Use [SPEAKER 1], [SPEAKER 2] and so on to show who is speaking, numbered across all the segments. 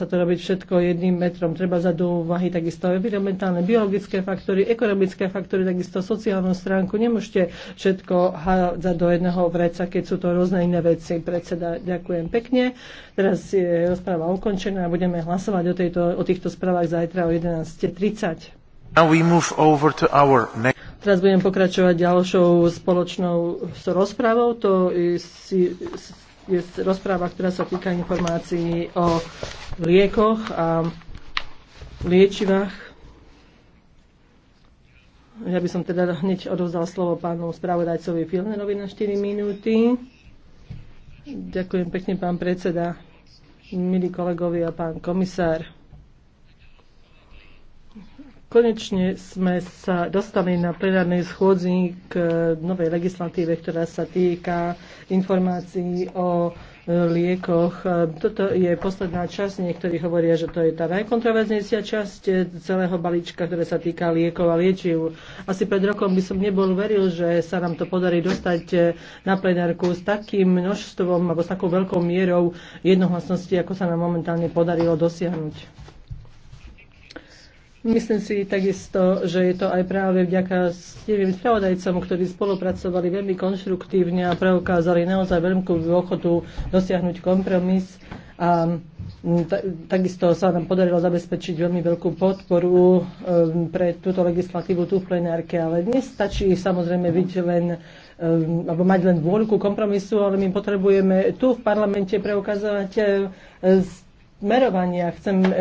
[SPEAKER 1] sa to robiť všetko jedným metrom. Treba za do úvahy takisto environmentálne, biologické faktory, ekonomické faktory, takisto sociálnu stránku. Nemôžete všetko hádzať do jedného vreca, keď sú to rôzne iné veci. Predseda, ďakujem pekne. Teraz je rozpráva ukončená a budeme hlasovať o, tejto, o týchto správach zajtra o 11.30. Teraz budem pokračovať ďalšou spoločnou rozprávou. To si je rozpráva, ktorá sa týka informácií o liekoch a liečivách. Ja by som teda hneď odovzdal slovo pánu spravodajcovi Filnerovi na 4 minúty. Ďakujem pekne, pán predseda, milí kolegovia, pán komisár. Konečne sme sa dostali na plenárnej schôdzi k novej legislatíve, ktorá sa týka informácií o e, liekoch. Toto je posledná časť, niektorí hovoria, že to je tá najkontroverznejšia časť celého balíčka, ktoré sa týka liekov a liečiv. Asi pred rokom by som nebol veril, že sa nám to podarí dostať e, na plenárku s takým množstvom alebo s takou veľkou mierou jednohlasnosti, ako sa nám momentálne podarilo dosiahnuť. Myslím si takisto, že je to aj práve vďaka stevým spravodajcom, ktorí spolupracovali veľmi konštruktívne a preukázali naozaj veľkú ochotu dosiahnuť kompromis. A takisto sa nám podarilo zabezpečiť veľmi veľkú podporu pre túto legislatívu tu v plenárke, ale nestačí samozrejme byť len alebo mať len vôľku kompromisu, ale my potrebujeme tu v parlamente preukazovať e, smerovania chcem e,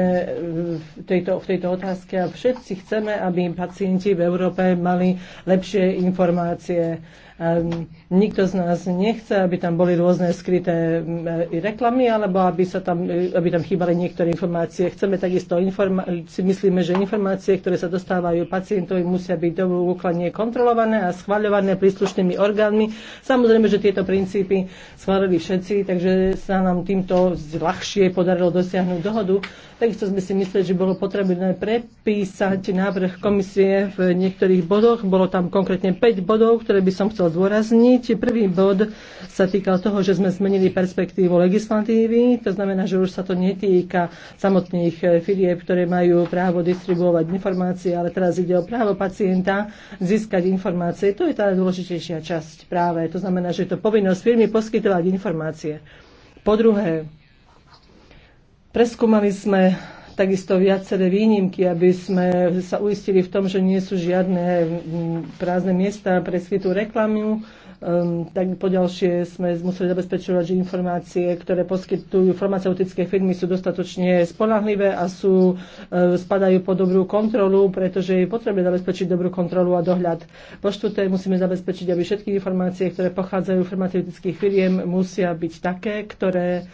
[SPEAKER 1] v tejto, v tejto otázke a všetci chceme, aby pacienti v Európe mali lepšie informácie. Ehm, nikto z nás nechce, aby tam boli rôzne skryté ehm, reklamy, alebo aby, sa tam, e, aby tam chýbali niektoré informácie. Chceme takisto, informa- si myslíme, že informácie, ktoré sa dostávajú pacientovi, musia byť dôkladne kontrolované a schvaľované príslušnými orgánmi. Samozrejme, že tieto princípy schválili všetci, takže sa nám týmto ľahšie podarilo dosiahnuť dohodu Takisto sme si mysleli, že bolo potrebné prepísať návrh komisie v niektorých bodoch. Bolo tam konkrétne 5 bodov, ktoré by som chcel zdôrazniť. Prvý bod sa týkal toho, že sme zmenili perspektívu legislatívy. To znamená, že už sa to netýka samotných firieb, ktoré majú právo distribuovať informácie, ale teraz ide o právo pacienta získať informácie. To je tá dôležitejšia časť práve. To znamená, že je to povinnosť firmy poskytovať informácie. Po druhé, Preskúmali sme takisto viaceré výnimky, aby sme sa uistili v tom, že nie sú žiadne mm, prázdne miesta pre skrytú reklamu. Um, tak poďalšie sme museli zabezpečovať, že informácie, ktoré poskytujú farmaceutické firmy, sú dostatočne spolahlivé a sú, e, spadajú pod dobrú kontrolu, pretože je potrebné zabezpečiť dobrú kontrolu a dohľad. Po štúte musíme zabezpečiť, aby všetky informácie, ktoré pochádzajú z farmaceutických firiem, musia byť také, ktoré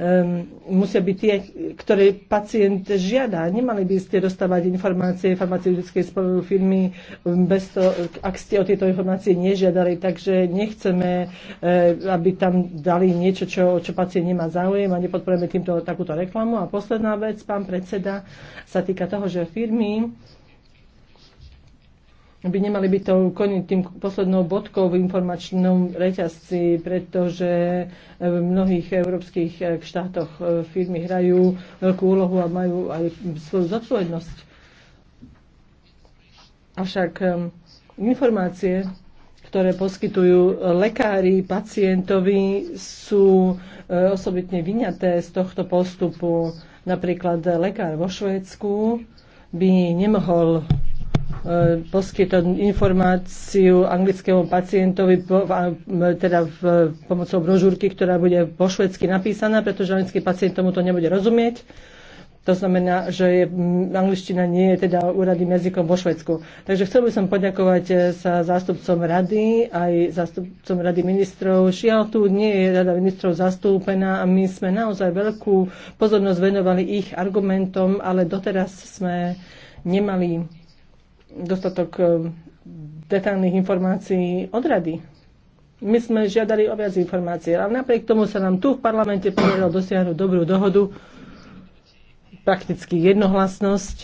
[SPEAKER 1] Ehm, musia byť tie, ktoré pacient žiada. Nemali by ste dostávať informácie farmaceutickej firmy ehm, bez toho, ak ste o tieto informácie nežiadali, takže nechceme, ehm, aby tam dali niečo, čo, čo pacient nemá záujem a nepodporujeme týmto takúto reklamu. A posledná vec, pán predseda, sa týka toho, že firmy by nemali byť tou, tým poslednou bodkou v informačnom reťazci, pretože e, v mnohých európskych e, štátoch e, firmy hrajú veľkú úlohu a majú aj svoju zodpovednosť. Avšak informácie, ktoré poskytujú lekári pacientovi, sú osobitne vyňaté z tohto postupu. Napríklad lekár vo Švédsku by nemohol E, poskytnúť informáciu anglickému pacientovi teda v, pomocou brožúrky, ktorá bude po švedsky napísaná, pretože anglický pacient tomu to nebude rozumieť. To znamená, že je, angličtina nie je teda úradným jazykom vo Švedsku. Takže chcel by som poďakovať e, sa zástupcom rady, aj zástupcom rady ministrov. Žiaľ, tu nie je rada ministrov zastúpená a my sme naozaj veľkú pozornosť venovali ich argumentom, ale doteraz sme nemali dostatok eh, detailných informácií od rady. My sme žiadali o viac informácií, ale napriek tomu sa nám tu v parlamente podarilo dosiahnuť dobrú dohodu, prakticky jednohlasnosť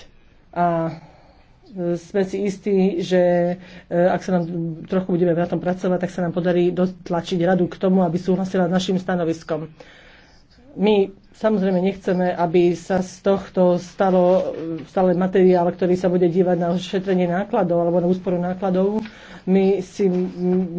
[SPEAKER 1] a eh, sme si istí, že eh, ak sa nám trochu budeme na tom pracovať, tak sa nám podarí dotlačiť radu k tomu, aby súhlasila s našim stanoviskom. My Samozrejme nechceme, aby sa z tohto stalo stále materiál, ktorý sa bude dívať na šetrenie nákladov alebo na úsporu nákladov. My si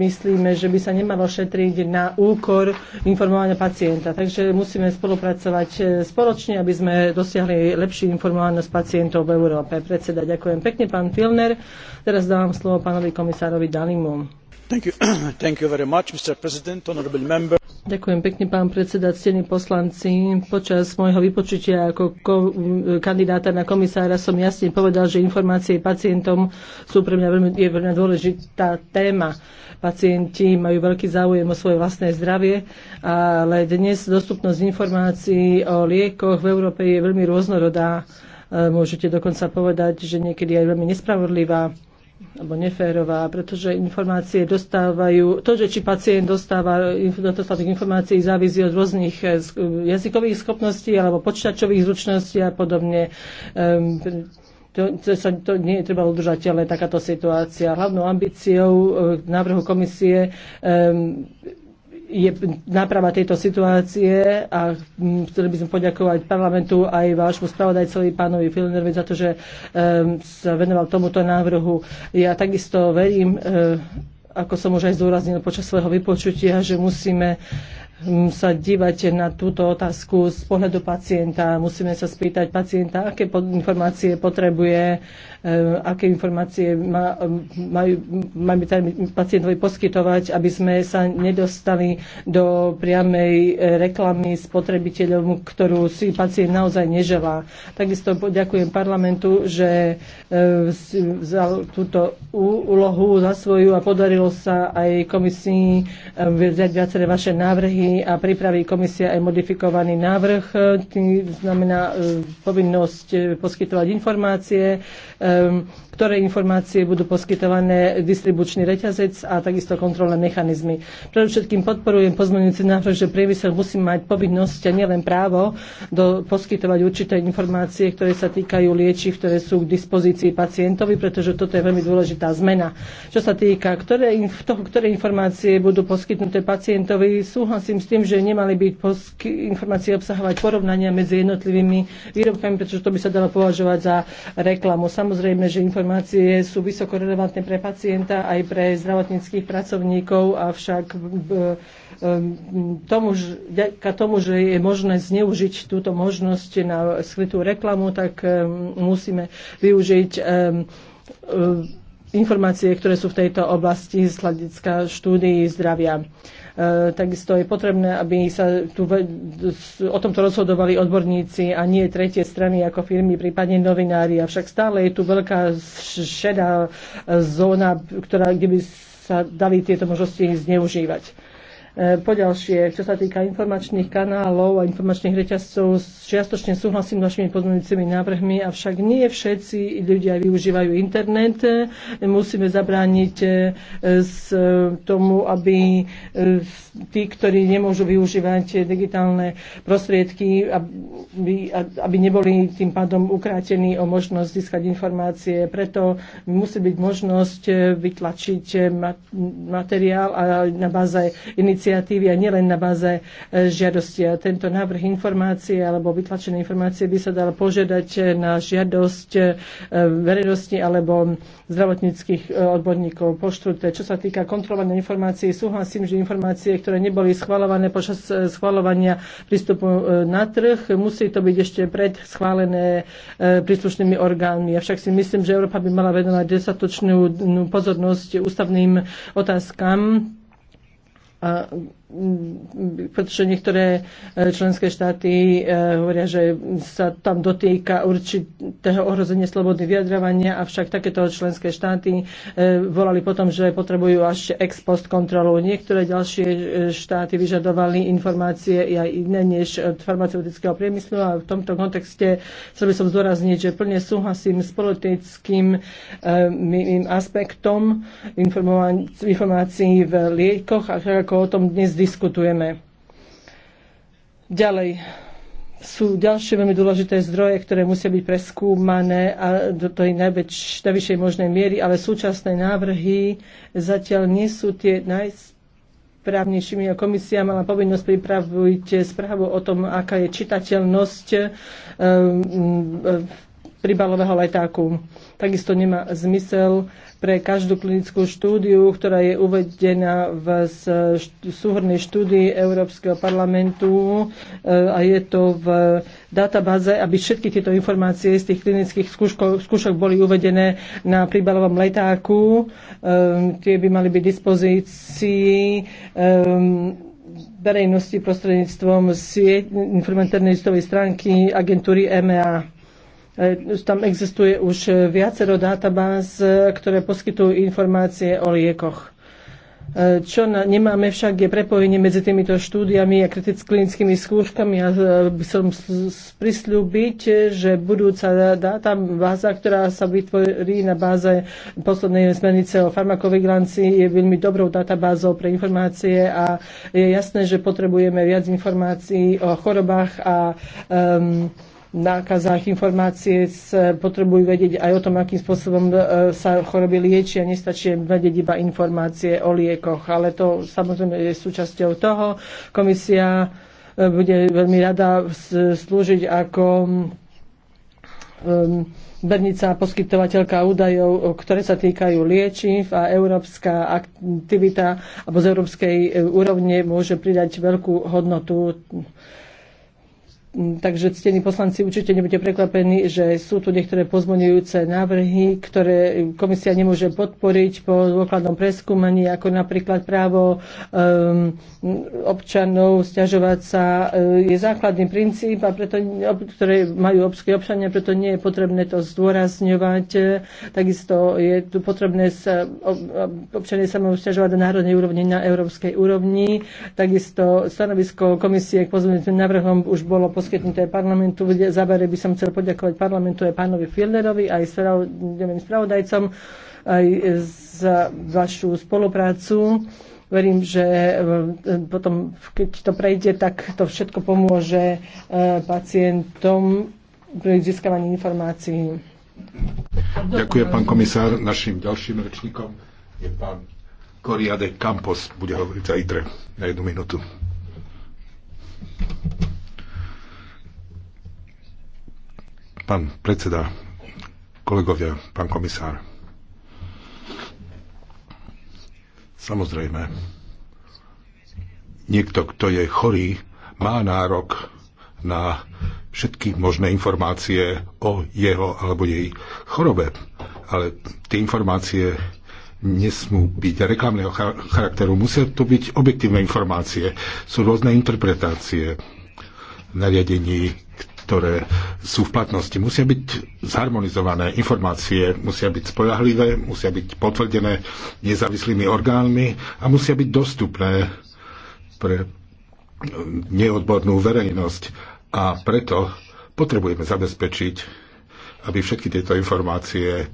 [SPEAKER 1] myslíme, že by sa nemalo šetriť na úkor informovania pacienta. Takže musíme spolupracovať e, spoločne, aby sme dosiahli lepšiu informovanosť pacientov v Európe. Predseda, ďakujem pekne, pán Filner. Teraz dávam slovo pánovi komisárovi Dalimu. Ďakujem pekne, pán predseda, ctení poslanci. Počas môjho vypočutia ako mm, kandidáta na komisára som jasne povedal, že informácie pacientom sú pre mňa veľmi, je veľmi dôležitá téma. Pacienti majú veľký záujem o svoje vlastné zdravie, ale dnes dostupnosť informácií o liekoch v Európe je veľmi rôznorodá. E, môžete dokonca povedať, že niekedy aj veľmi nespravodlivá alebo neférová, pretože informácie dostávajú, to, že či pacient dostáva dostatok informácií, závisí od rôznych eh, jazykových schopností alebo počítačových zručností a podobne. Um, to, to, sa, to nie je treba ale takáto situácia. Hlavnou ambíciou eh, návrhu komisie um, je náprava tejto situácie a mm, chceli by sme poďakovať parlamentu aj vášmu spravodajcovi pánovi Filnerovi za to, že um, sa venoval tomuto návrhu. Ja takisto verím, uh, ako som už aj zdôraznil počas svojho vypočutia, že musíme mm, sa dívať na túto otázku z pohľadu pacienta. Musíme sa spýtať pacienta, aké informácie potrebuje, E, aké informácie má, majú, majú pacientovi poskytovať, aby sme sa nedostali do priamej e, reklamy spotrebiteľom, ktorú si pacient naozaj neželá. Takisto ďakujem parlamentu, že e, vzal túto úlohu za svoju a podarilo sa aj komisii vziať viaceré vaše návrhy a pripraví komisia aj modifikovaný návrh, tým znamená povinnosť poskytovať informácie, um, ktoré informácie budú poskytované distribučný reťazec a takisto kontrolné mechanizmy. všetkým podporujem pozmeňujúci návrh, že priemysel musí mať povinnosť a nielen právo do poskytovať určité informácie, ktoré sa týkajú liečiv, ktoré sú k dispozícii pacientovi, pretože toto je veľmi dôležitá zmena. Čo sa týka ktoré, toho, ktoré informácie budú poskytnuté pacientovi, súhlasím s tým, že nemali byť informácie obsahovať porovnania medzi jednotlivými výrobkami, pretože to by sa dalo považovať za reklamu. Samozrejme, že informácie informácie sú vysoko relevantné pre pacienta aj pre zdravotníckých pracovníkov, avšak e, e, tomu, ďaká tomu, že je možné zneužiť túto možnosť na skrytú reklamu, tak e, musíme využiť informácie, ktoré sú v tejto oblasti z hľadiska štúdií zdravia. E, takisto je potrebné, aby sa tu, o tomto rozhodovali odborníci a nie tretie strany ako firmy, prípadne novinári. Avšak stále je tu veľká šedá e, zóna, ktorá, kde by sa dali tieto možnosti zneužívať. E, Poďalšie, čo sa týka informačných kanálov a informačných reťazcov, čiastočne súhlasím s našimi pozmeňujúcimi návrhmi, avšak nie všetci ľudia využívajú internet. Musíme zabrániť e, s e, tomu, aby tí, ktorí nemôžu využívať digitálne prostriedky, aby, aby neboli tým pádom ukrátení o možnosť získať informácie. Preto musí byť možnosť vytlačiť materiál a na báze iniciatívy iniciatívy a nielen na báze e, žiadosti. A tento návrh informácie alebo vytlačené informácie by sa dal požiadať e, na žiadosť e, verejnosti alebo zdravotníckých odborníkov. Po štvrté, čo sa týka kontrolovanej informácií, súhlasím, že informácie, ktoré neboli schvalované počas schvalovania prístupu na trh, musí to byť ešte pred schválené príslušnými orgánmi. Avšak si myslím, že Európa by mala venovať dostatočnú pozornosť ústavným otázkam Uh pretože niektoré e, členské štáty e, hovoria, že sa tam dotýka určitého ohrozenia slobody vyjadrovania, avšak takéto členské štáty e, volali potom, že potrebujú až ex post kontrolu. Niektoré ďalšie štáty vyžadovali informácie aj iné než od farmaceutického priemyslu a v tomto kontexte chcel by som zdôrazniť, že plne súhlasím s politickým aspektom informácií v liekoch, a ako o tom dnes diskutujeme. Ďalej, sú ďalšie veľmi dôležité zdroje, ktoré musia byť preskúmané a do tej najvyššej možnej miery, ale súčasné návrhy zatiaľ nie sú tie najsprávnejšími a komisia mala povinnosť pripraviť správu o tom, aká je čitateľnosť um, um, príbalového letáku. Takisto nemá zmysel pre každú klinickú štúdiu, ktorá je uvedená v súhrnej štúdii Európskeho parlamentu eh, a je to v databáze, aby všetky tieto informácie z tých klinických skúšok boli uvedené na príbalovom letáku. Ehm, tie by mali byť dispozícii ehm, verejnosti prostredníctvom listovej stránky agentúry MEA. E, tam existuje už viacero databáz, e, ktoré poskytujú informácie o liekoch. E, čo na, nemáme však je prepojenie medzi týmito štúdiami a klinickými skúškami. Ja by som prislúbiť, že budúca databáza, ktorá sa vytvorí na báze poslednej smernice o farmakovigilancii, je veľmi dobrou databázou pre informácie a je jasné, že potrebujeme viac informácií o chorobách a um, nákazách informácie potrebujú vedieť aj o tom, akým spôsobom e, sa choroby liečia. Nestačí vedieť iba informácie o liekoch, ale to samozrejme je súčasťou toho. Komisia e, bude veľmi rada slúžiť ako Bernica poskytovateľka údajov, ktoré sa týkajú liečiv a európska aktivita alebo z európskej e, úrovne môže pridať veľkú hodnotu Takže ctení poslanci, určite nebudete prekvapení, že sú tu niektoré pozmenujúce návrhy, ktoré komisia nemôže podporiť po dôkladnom preskúmaní, ako napríklad právo um, občanov stiažovať sa eh, je základný princíp, a preto, ktoré majú obské občania, preto nie je potrebné to zdôrazňovať. Takisto je tu potrebné sa, občania sa majú stiažovať na národnej úrovni, na európskej úrovni. Takisto stanovisko komisie k pozmenujúcim návrhom už bolo bolo poskytnuté parlamentu. závere by som chcel poďakovať parlamentu aj pánovi Fielderovi, aj spravodajcom, aj za vašu spoluprácu verím, že e, potom, keď to prejde, tak to všetko pomôže e, pacientom pri získavaní informácií.
[SPEAKER 2] Ďakujem, pán komisár. Našim ďalším rečníkom je pán Koriade Campos. Bude hovoriť za ITRE na jednu minútu. Pán predseda, kolegovia, pán komisár. Samozrejme, niekto, kto je chorý, má nárok na všetky možné informácie o jeho alebo jej chorobe. Ale tie informácie nesmú byť reklamného charakteru. Musia to byť objektívne informácie. Sú rôzne interpretácie nariadení ktoré sú v platnosti. Musia byť zharmonizované informácie, musia byť spolahlivé, musia byť potvrdené nezávislými orgánmi a musia byť dostupné pre neodbornú verejnosť. A preto potrebujeme zabezpečiť, aby všetky tieto informácie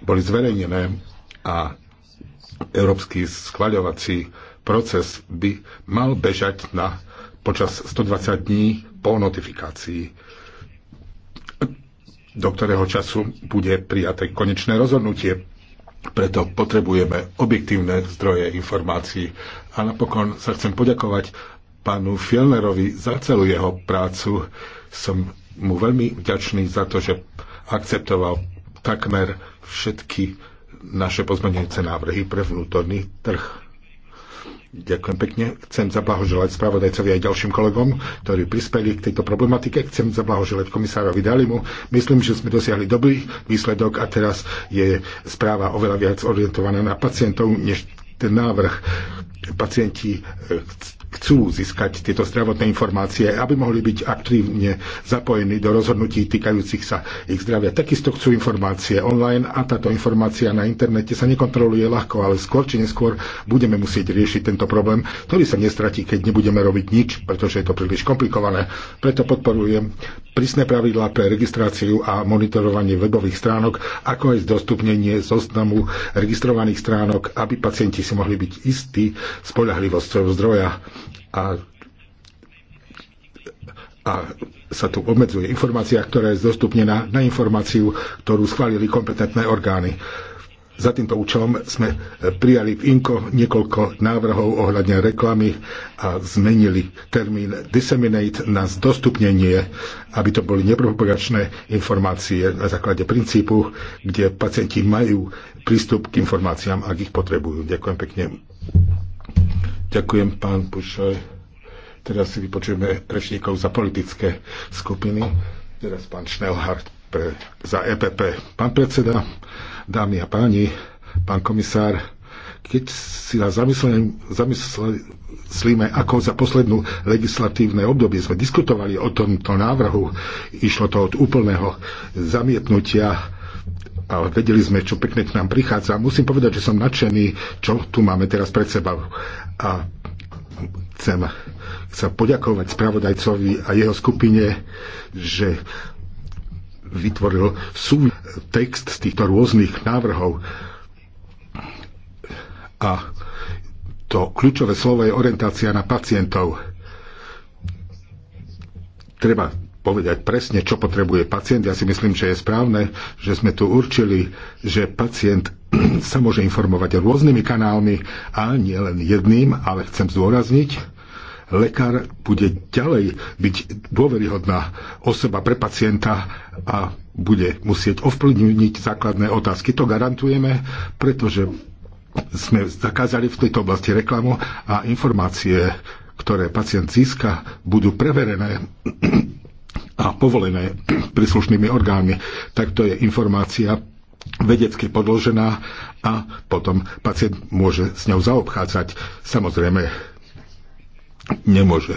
[SPEAKER 2] boli zverejnené a európsky schvaľovací proces by mal bežať na počas 120 dní po notifikácii, do ktorého času bude prijaté konečné rozhodnutie. Preto potrebujeme objektívne zdroje informácií. A napokon sa chcem poďakovať pánu Fielnerovi za celú jeho prácu. Som mu veľmi vďačný za to, že akceptoval takmer všetky naše pozmenujúce návrhy pre vnútorný trh. Ďakujem pekne. Chcem zablahoželať spravodajcovi aj ďalším kolegom, ktorí prispeli k tejto problematike. Chcem zablahoželať komisárovi Dalimu. Myslím, že sme dosiahli dobrý výsledok a teraz je správa oveľa viac orientovaná na pacientov než ten návrh pacienti e, chcú získať tieto zdravotné informácie, aby mohli byť aktívne zapojení do rozhodnutí týkajúcich sa ich zdravia. Takisto chcú informácie online a táto informácia na internete sa nekontroluje ľahko, ale skôr či neskôr budeme musieť riešiť tento problém, ktorý sa nestratí, keď nebudeme robiť nič, pretože je to príliš komplikované. Preto podporujem prísne pravidlá pre registráciu a monitorovanie webových stránok, ako aj zdostupnenie zoznamu registrovaných stránok, aby pacienti si mohli byť istí, spolahlivosťou zdroja a a sa tu obmedzuje informácia, ktorá je zdostupnená na informáciu, ktorú schválili kompetentné orgány. Za týmto účelom sme prijali v INKO niekoľko návrhov ohľadne reklamy a zmenili termín disseminate na zdostupnenie, aby to boli nepropagačné informácie na základe princípu, kde pacienti majú prístup k informáciám, ak ich potrebujú. Ďakujem pekne. Ďakujem, pán Pušoj. Teraz si vypočujeme rečníkov za politické skupiny. Teraz pán Schnellhardt pre, za EPP. Pán predseda, dámy a páni, pán komisár, keď si nás zamyslíme, ako za poslednú legislatívne obdobie sme diskutovali o tomto návrhu, išlo to od úplného zamietnutia a vedeli sme, čo pekne k nám prichádza. Musím povedať, že som nadšený, čo tu máme teraz pred sebou a chcem sa poďakovať spravodajcovi a jeho skupine, že vytvoril sú text z týchto rôznych návrhov. A to kľúčové slovo je orientácia na pacientov. Treba povedať presne, čo potrebuje pacient. Ja si myslím, že je správne, že sme tu určili, že pacient sa môže informovať rôznymi kanálmi a nie len jedným, ale chcem zdôrazniť, lekár bude ďalej byť dôveryhodná osoba pre pacienta a bude musieť ovplyvniť základné otázky. To garantujeme, pretože sme zakázali v tejto oblasti reklamu a informácie, ktoré pacient získa, budú preverené a povolené príslušnými orgánmi. Tak to je informácia vedecky podložená a potom pacient môže s ňou zaobchádzať. Samozrejme, nemôže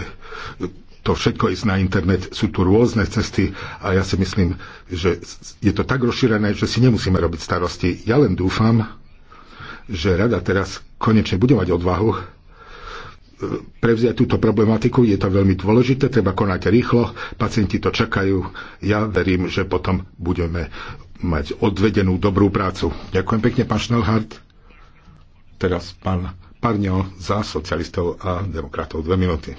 [SPEAKER 2] to všetko ísť na internet, sú tu rôzne cesty a ja si myslím, že je to tak rozšírené, že si nemusíme robiť starosti. Ja len dúfam, že rada teraz konečne bude mať odvahu E, prevziať túto problematiku. Je to veľmi dôležité, treba konať rýchlo, pacienti to čakajú. Ja verím, že potom budeme mať odvedenú dobrú prácu. Ďakujem pekne, pán Schnellhardt. Teraz pán Parňo za socialistov a demokratov. Dve minúty.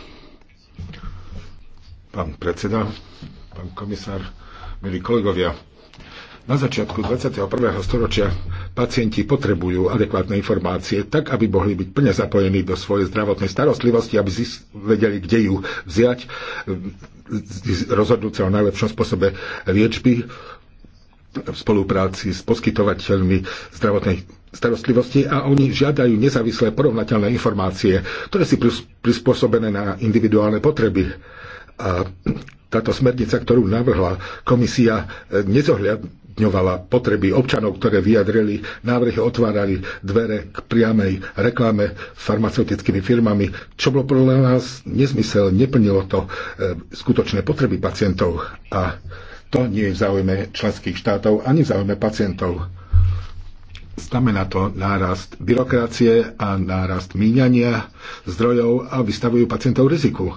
[SPEAKER 2] Pán predseda, pán komisár, milí kolegovia, na začiatku 21. storočia pacienti potrebujú adekvátne informácie, tak aby mohli byť plne zapojení do svojej zdravotnej starostlivosti, aby vedeli, kde ju vziať, rozhodnúť sa o najlepšom spôsobe liečby v spolupráci s poskytovateľmi zdravotnej starostlivosti a oni žiadajú nezávislé porovnateľné informácie, ktoré sú prispôsobené na individuálne potreby. A táto smernica, ktorú navrhla komisia, e, nezohľadňovala potreby občanov, ktoré vyjadrili, návrhy otvárali dvere k priamej reklame s farmaceutickými firmami, čo bolo podľa nás nezmysel, neplnilo to e, skutočné potreby pacientov a to nie je v záujme členských štátov ani v záujme pacientov. Znamená to nárast byrokracie a nárast míňania zdrojov a vystavujú pacientov riziku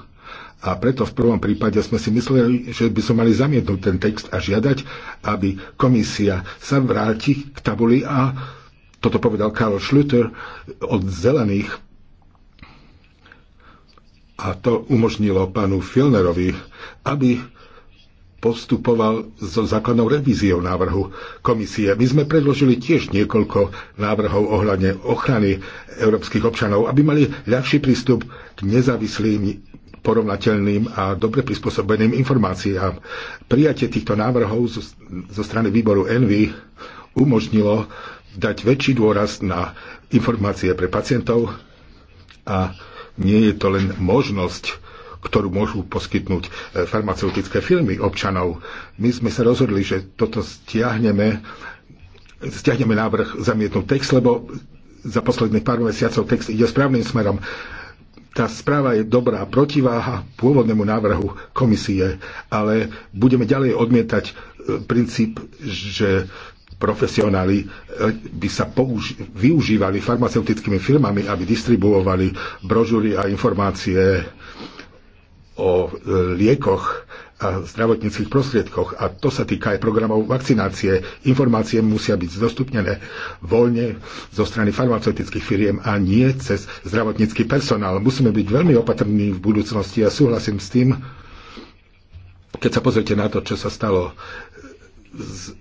[SPEAKER 2] a preto v prvom prípade sme si mysleli, že by sme mali zamietnúť ten text a žiadať, aby komisia sa vráti k tabuli a toto povedal Karl Schlüter od zelených a to umožnilo pánu Filnerovi, aby postupoval so zákonnou revíziou návrhu komisie. My sme predložili tiež niekoľko návrhov ohľadne ochrany európskych občanov, aby mali ľahší prístup k nezávislým porovnateľným a dobre prispôsobeným informáciám. Prijatie týchto návrhov zo, zo strany výboru Envy umožnilo dať väčší dôraz na informácie pre pacientov a nie je to len možnosť, ktorú môžu poskytnúť e, farmaceutické firmy občanov. My sme sa rozhodli, že toto stiahneme, stiahneme návrh zamietnúť text, lebo za posledných pár mesiacov text ide správnym smerom tá správa je dobrá protiváha pôvodnému návrhu komisie, ale budeme ďalej odmietať e, princíp, že profesionáli e, by sa použ- využívali farmaceutickými firmami, aby distribuovali brožúry a informácie o e, liekoch a zdravotníckých prostriedkoch. A to sa týka aj programov vakcinácie. Informácie musia byť zdostupnené voľne zo strany farmaceutických firiem a nie cez zdravotnícky personál. Musíme byť veľmi opatrní v budúcnosti a ja súhlasím s tým, keď sa pozrite na to, čo sa stalo s,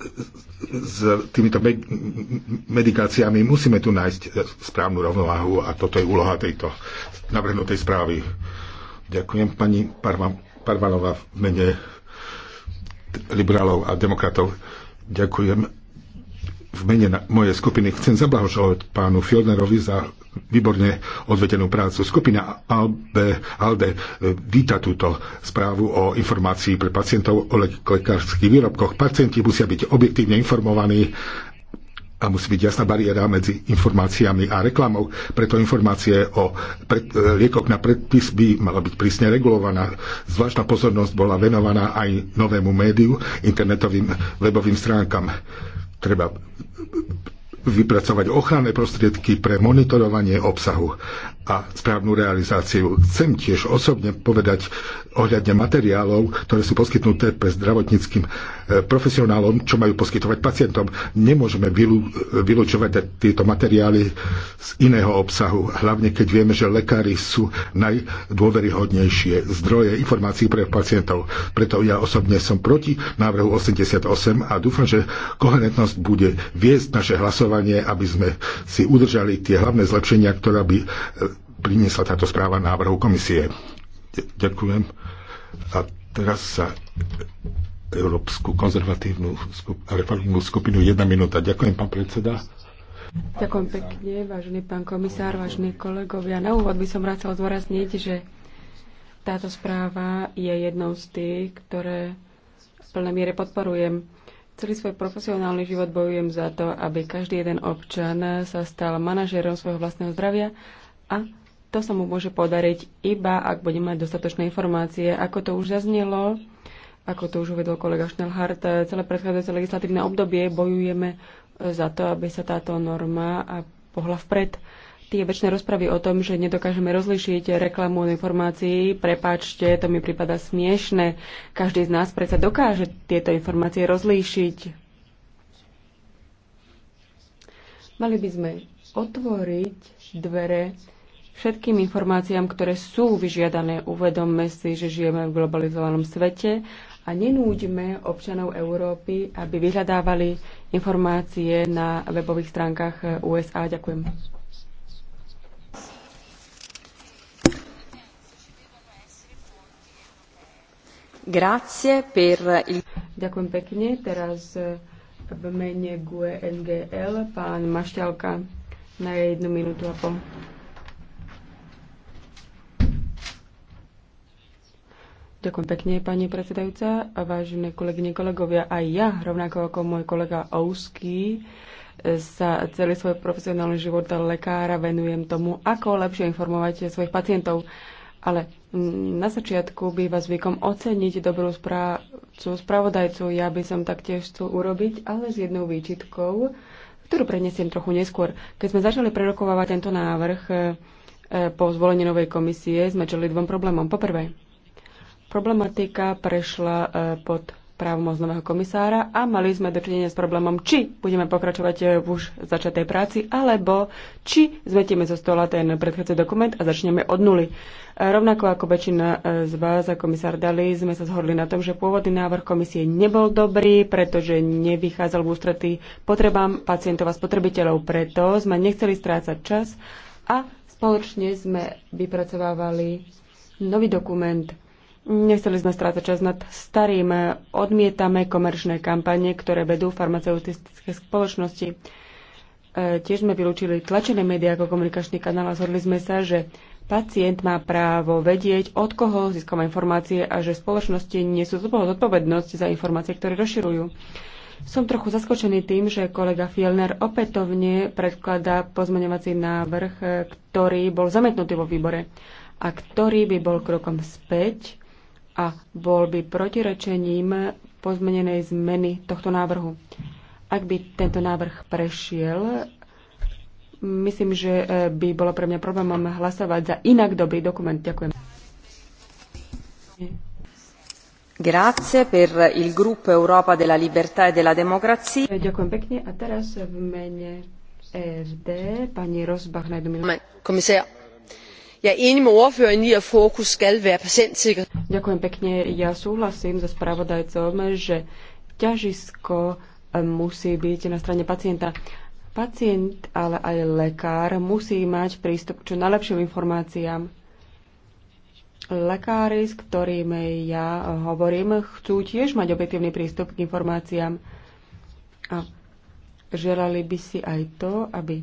[SPEAKER 2] s týmito med, medikáciami, musíme tu nájsť správnu rovnováhu a toto je úloha tejto navrhnutej správy. Ďakujem pani Parma. Parvalová v mene liberálov a demokratov. Ďakujem. V mene na mojej skupiny chcem zablahoželať pánu Fjodnerovi za výborne odvedenú prácu. Skupina ALDE, ALDE víta túto správu o informácii pre pacientov o lekárskych výrobkoch. Pacienti musia byť objektívne informovaní a musí byť jasná bariéra medzi informáciami a reklamou. Preto informácie o pred, e, liekoch na predpis by mala byť prísne regulovaná. Zvláštna pozornosť bola venovaná aj novému médiu, internetovým webovým stránkam. Treba vypracovať ochranné prostriedky pre monitorovanie obsahu a správnu realizáciu. Chcem tiež osobne povedať ohľadne materiálov, ktoré sú poskytnuté pre zdravotníckým e, profesionálom, čo majú poskytovať pacientom. Nemôžeme vylúčovať tieto materiály z iného obsahu, hlavne keď vieme, že lekári sú najdôveryhodnejšie zdroje informácií pre pacientov. Preto ja osobne som proti návrhu 88 a dúfam, že koherentnosť bude viesť naše hlasovanie financovanie, aby sme si udržali tie hlavné zlepšenia, ktoré by e, priniesla táto správa návrhu komisie. Ďakujem. A teraz sa Európsku konzervatívnu skup- reformnú skupinu. Jedna minúta. Ďakujem, pán predseda.
[SPEAKER 3] Ďakujem pekne, vážený pán komisár, vážení kolegovia. Na úvod by som rád chcel zdôrazniť, že táto správa je jednou z tých, ktoré v plnej miere podporujem. Celý svoj profesionálny život bojujem za to, aby každý jeden občan sa stal manažérom svojho vlastného zdravia a to sa mu môže podariť iba, ak bude mať dostatočné informácie. Ako to už zaznelo, ako to už uvedol kolega Schnellhardt, celé predchádzajúce legislatívne obdobie bojujeme za to, aby sa táto norma pohla vpred tie väčšie rozpravy o tom, že nedokážeme rozlišiť reklamu od informácií, prepáčte, to mi prípada smiešne. Každý z nás predsa dokáže tieto informácie rozlíšiť. Mali by sme otvoriť dvere všetkým informáciám, ktoré sú vyžiadané. Uvedomme si, že žijeme v globalizovanom svete a nenúďme občanov Európy, aby vyhľadávali informácie na webových stránkach USA. Ďakujem. Per... Ďakujem pekne. Teraz e, v mene GUE NGL pán Mašťalka na jednu minútu a pol. Ďakujem pekne, pani predsedajúca. A vážené kolegyne, kolegovia, aj ja, rovnako ako môj kolega Ousky, e, sa celý svoj profesionálny život lekára venujem tomu, ako lepšie informovať e, svojich pacientov. Ale na začiatku býva zvykom oceniť dobrú správcu, spravodajcu. Ja by som taktiež chcel urobiť, ale s jednou výčitkou, ktorú prenesiem trochu neskôr. Keď sme začali prerokovávať tento návrh e, e, po zvolení novej komisie, sme čeli dvom problémom. Poprvé, problematika prešla e, pod právomoc nového komisára a mali sme dočinenie s problémom, či budeme pokračovať eh, v už začatej práci, alebo či zmetieme zo stola ten predchádzajúci dokument a začneme od nuly. Eh, rovnako ako väčšina eh, z vás a komisár Dali sme sa zhodli na tom, že pôvodný návrh komisie nebol dobrý, pretože nevychádzal v ústretí potrebám pacientov a spotrebiteľov. Preto sme nechceli strácať čas a spoločne sme vypracovávali nový dokument Nechceli sme strácať čas nad starým. Odmietame komerčné kampanie, ktoré vedú farmaceutické spoločnosti. E, tiež sme vylúčili tlačené médiá ako komunikačný kanál a zhodli sme sa, že pacient má právo vedieť, od koho získava informácie a že spoločnosti nie sú zodpovednosť za informácie, ktoré rozširujú. Som trochu zaskočený tým, že kolega Fielner opätovne predkladá pozmeňovací návrh, e, ktorý bol zametnutý vo výbore a ktorý by bol krokom späť a bol by protirečením pozmenenej zmeny tohto návrhu. Ak by tento návrh prešiel, myslím, že e, by bolo pre mňa problémom hlasovať za inak dobrý dokument. Ďakujem. Grazie per il gruppo Europa della Libertà e della Democrazia. E, ďakujem pekne a teraz v mene RD pani Rozbach na jednu minútu. Jeg er enig med ordføreren i, at fokus skal være patientsikkerhed. Ďakujem pekne. Ja súhlasím so spravodajcom, že ťažisko eh, musí byť na strane pacienta. Pacient, ale aj lekár musí mať prístup k čo najlepším informáciám. Lekári, s ktorými ja eh, hovorím, chcú tiež mať objektívny prístup k informáciám. A želali by si aj to, aby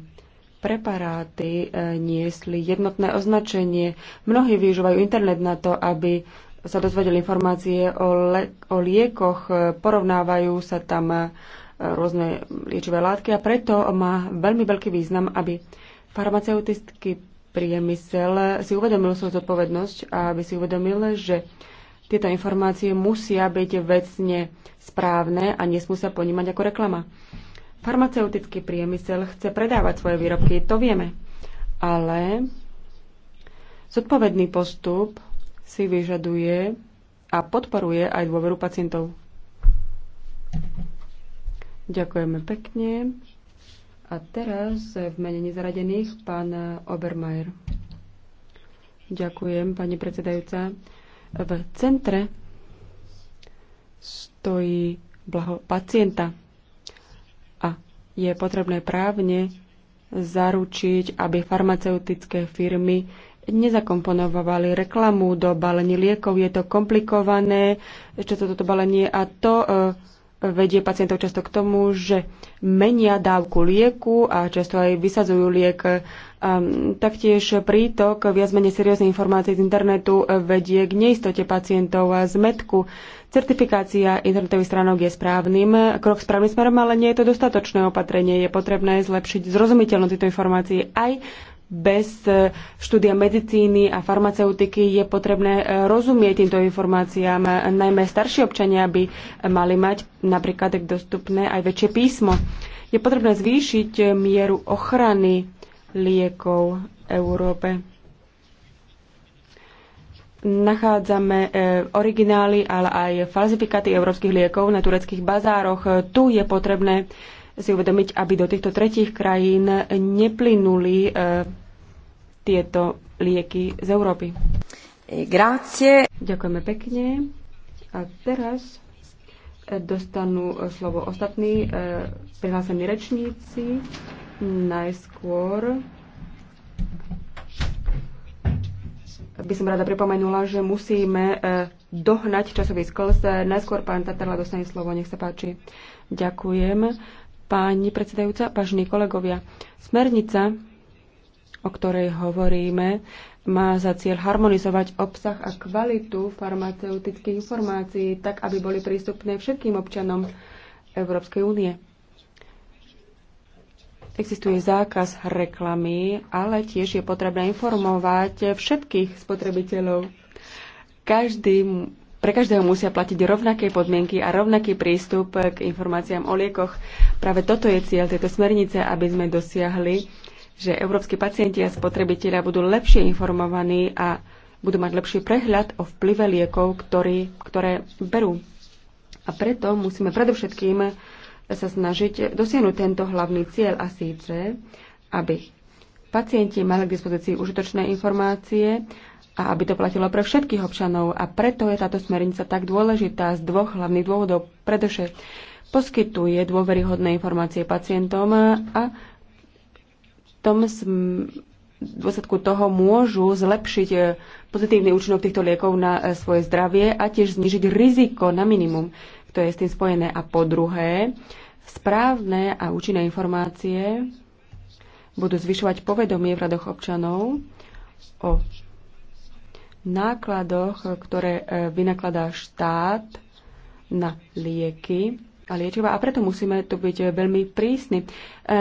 [SPEAKER 3] preparáty e, niesli jednotné označenie. Mnohí využívajú internet na to, aby sa dozvedeli informácie o, le- o liekoch, e, porovnávajú sa tam e, rôzne liečivé látky a preto má veľmi veľký význam, aby farmaceutický priemysel si uvedomil svoju zodpovednosť a aby si uvedomil, že tieto informácie musia byť vecne správne a nesmú sa ponímať ako reklama. Farmaceutický priemysel chce predávať svoje výrobky, to vieme. Ale zodpovedný postup si vyžaduje a podporuje aj dôveru pacientov. Ďakujeme pekne. A teraz v mene nezaradených pán Obermajer. Ďakujem, pani predsedajúca. V centre stojí blaho pacienta je potrebné právne zaručiť, aby farmaceutické firmy nezakomponovali reklamu do balení liekov. Je to komplikované, čo toto balenie a to Uh, vedie pacientov často k tomu, že menia dávku lieku a často aj vysadzujú liek. Taktiež prítok viac menej serióznej informácie z internetu vedie k neistote pacientov a zmetku. Certifikácia internetových stránok je správnym, krok správnym smerom, ale nie je to dostatočné opatrenie. Je potrebné zlepšiť zrozumiteľnosť tejto informácie aj bez e, štúdia medicíny a farmaceutiky je potrebné e, rozumieť týmto informáciám. E, najmä starší občania by mali mať napríklad tak dostupné aj väčšie písmo. Je potrebné zvýšiť mieru ochrany liekov v Európe. Nachádzame originály, ale aj falzifikáty európskych liekov na tureckých bazároch. Tu je potrebné si uvedomiť, aby do týchto tretích krajín neplynuli e, tieto lieky z Európy. Grazie. Ďakujeme pekne. A teraz e, dostanú slovo ostatní e, prihlásení rečníci. Najskôr by som rada pripomenula, že musíme dohnať časový sklz. Najskôr pán Tatarla dostane slovo, nech sa páči. Ďakujem. Páni predsedajúca, vážení kolegovia, smernica, o ktorej hovoríme, má za cieľ harmonizovať obsah a kvalitu farmaceutických informácií tak, aby boli prístupné všetkým občanom Európskej únie. Existuje zákaz reklamy, ale tiež je potrebné informovať všetkých spotrebiteľov. Každý pre každého musia platiť rovnaké podmienky a rovnaký prístup k informáciám o liekoch. Práve toto je cieľ tejto smernice, aby sme dosiahli, že európsky pacienti a spotrebitelia budú lepšie informovaní a budú mať lepší prehľad o vplyve liekov, ktorý, ktoré berú. A preto musíme predovšetkým sa snažiť dosiahnuť tento hlavný cieľ a síce, aby pacienti mali k dispozícii užitočné informácie a aby to platilo pre všetkých občanov. A preto je táto smernica tak dôležitá z dvoch hlavných dôvodov. Pretože poskytuje dôveryhodné informácie pacientom a v tom v dôsledku toho môžu zlepšiť e, pozitívny účinok týchto liekov na e, svoje zdravie a tiež znižiť riziko na minimum, ktoré je s tým spojené. A po druhé, správne a účinné informácie budú zvyšovať povedomie v radoch občanov o nákladoch, ktoré e, vynakladá štát na lieky a liečiva a preto musíme tu byť veľmi prísni. E,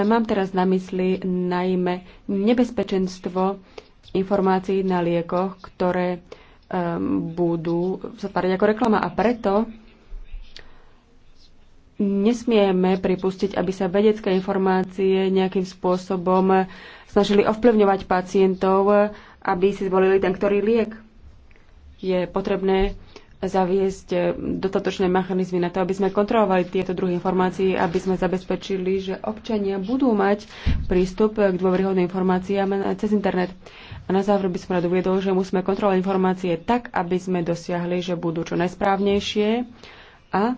[SPEAKER 3] mám teraz na mysli najmä nebezpečenstvo informácií na liekoch, ktoré e, budú sa tvariť ako reklama a preto nesmieme pripustiť, aby sa vedecké informácie nejakým spôsobom snažili ovplyvňovať pacientov, aby si zvolili ten ktorý liek je potrebné zaviesť eh, dostatočné mechanizmy na to, aby sme kontrolovali tieto druhy informácií, aby sme zabezpečili, že občania budú mať prístup k dôveryhodným informáciám cez internet. A na záver by som rád uviedol, že musíme kontrolovať informácie tak, aby sme dosiahli, že budú čo najsprávnejšie a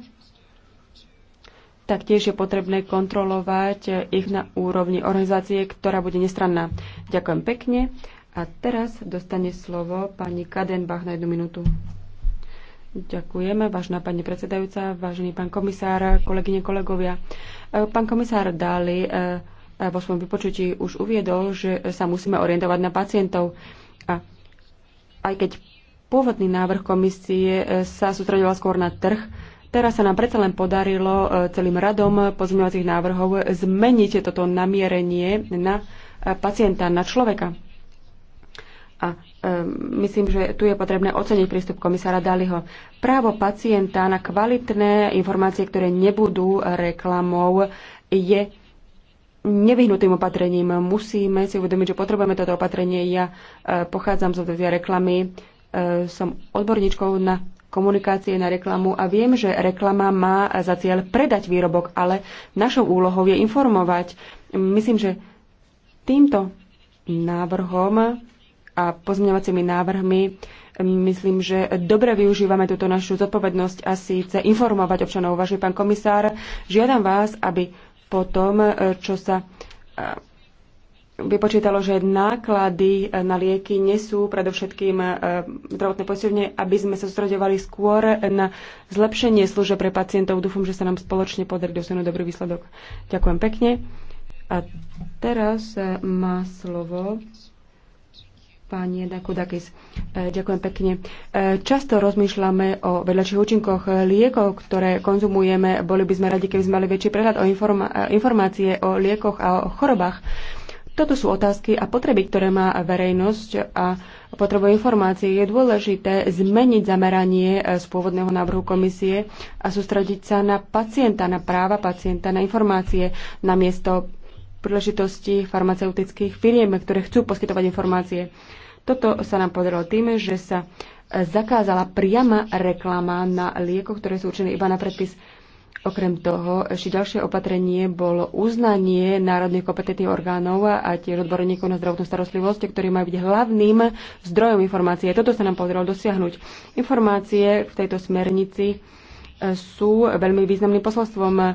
[SPEAKER 3] taktiež je potrebné kontrolovať eh, ich na úrovni organizácie, ktorá bude nestranná. Ďakujem pekne. A teraz dostane slovo pani Kadenbach na jednu minútu. Ďakujeme, vážna pani predsedajúca, vážený pán komisár, kolegyne, kolegovia. E, pán komisár Dali e, e, vo svojom vypočutí už uviedol, že sa musíme orientovať na pacientov. A aj keď pôvodný návrh komisie sa sústredoval skôr na trh, teraz sa nám predsa len podarilo celým radom pozmeňovacích návrhov zmeniť toto namierenie na pacienta, na človeka a um, myslím, že tu je potrebné oceniť prístup komisára Daliho. Právo pacienta na kvalitné informácie, ktoré nebudú reklamou, je nevyhnutým opatrením. Musíme si uvedomiť, že potrebujeme toto opatrenie. Ja uh, pochádzam z odvetvia reklamy, uh, som odborníčkou na komunikácie na reklamu a viem, že reklama má za cieľ predať výrobok, ale našou úlohou je informovať. Myslím, že týmto návrhom a pozmeňovacími návrhmi myslím, že dobre využívame túto našu zodpovednosť a síce informovať občanov. Vážený pán komisár, žiadam vás, aby potom, e, čo sa e, vypočítalo, že náklady e, na lieky nesú predovšetkým zdravotné posilne, aby sme sa sústredovali skôr na zlepšenie služieb pre pacientov. Dúfam, že sa nám spoločne podarí dosiahnuť dobrý výsledok. Ďakujem pekne. A teraz má slovo Pani Dakudakis, e, ďakujem pekne. E, často rozmýšľame o vedľajších účinkoch liekov, ktoré konzumujeme. Boli by sme radi, keby sme mali väčší prehľad o informa- informácie o liekoch a o chorobách. Toto sú otázky a potreby, ktoré má verejnosť a potrebuje informácie. Je dôležité zmeniť zameranie e, z pôvodného návrhu komisie a sústrediť sa na pacienta, na práva pacienta, na informácie namiesto príležitosti farmaceutických firiem, ktoré chcú poskytovať informácie. Toto sa nám podarilo tým, že sa zakázala priama reklama na liekoch, ktoré sú určené iba na predpis. Okrem toho, ešte ďalšie opatrenie bolo uznanie národných kompetentných orgánov a tiež odborníkov na zdravotnú starostlivosť, ktorí majú byť hlavným zdrojom informácie. Toto sa nám podarilo dosiahnuť. Informácie v tejto smernici e, sú veľmi významným posolstvom e,